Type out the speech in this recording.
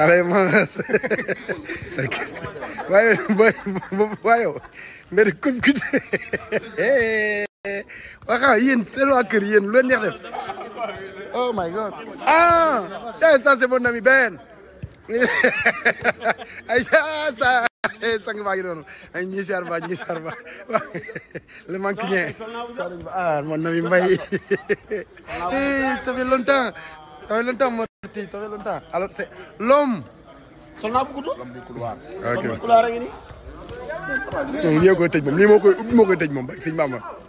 alay maas waaye waaye mais de comme que waxa yéen seen waa oh my god ah ça c'est mon ami Ben ay ça sang baa ngi noonu ay ñi siar ba ñi siar ba longtemps Ah, ça fait longtemps, ça fait longtemps. Alors, c'est l'homme. Sol naa bu l'homme du couloir. ok l'homme du couloir a ngi nii. je lii moo koy il c'est